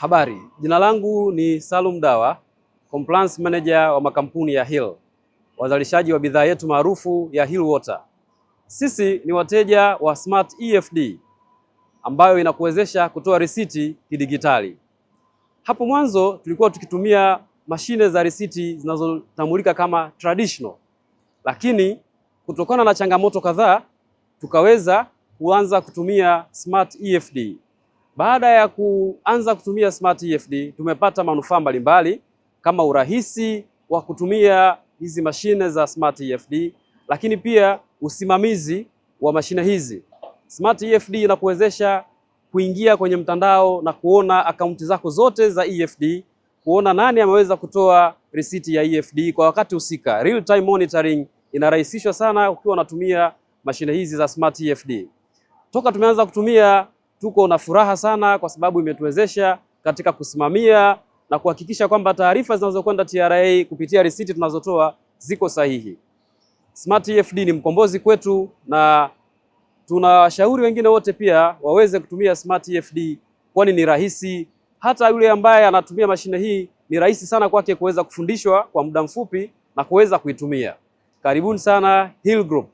Habari, jina langu ni Salum Dawa, Compliance Manager wa makampuni ya Hill, wazalishaji wa bidhaa yetu maarufu ya Hill Water. Sisi ni wateja wa Smart EFD ambayo inakuwezesha kutoa risiti kidigitali. Hapo mwanzo tulikuwa tukitumia mashine za risiti zinazotambulika kama traditional, lakini kutokana na changamoto kadhaa tukaweza kuanza kutumia Smart EFD. Baada ya kuanza kutumia Smart EFD tumepata manufaa mbalimbali kama urahisi wa kutumia hizi mashine za Smart EFD, lakini pia usimamizi wa mashine hizi. Smart EFD inakuwezesha kuingia kwenye mtandao na kuona akaunti zako zote za EFD, kuona nani ameweza kutoa risiti ya EFD kwa wakati husika. Real time monitoring inarahisishwa sana ukiwa unatumia mashine hizi za Smart EFD. Toka tumeanza kutumia Tuko na furaha sana kwa sababu imetuwezesha katika kusimamia na kuhakikisha kwamba taarifa zinazokwenda TRA kupitia risiti tunazotoa ziko sahihi. Smart EFD ni mkombozi kwetu, na tunawashauri wengine wote pia waweze kutumia Smart EFD, kwani ni rahisi. Hata yule ambaye anatumia mashine hii ni rahisi sana kwake kuweza kufundishwa kwa muda mfupi na kuweza kuitumia. Karibuni sana Hill Group.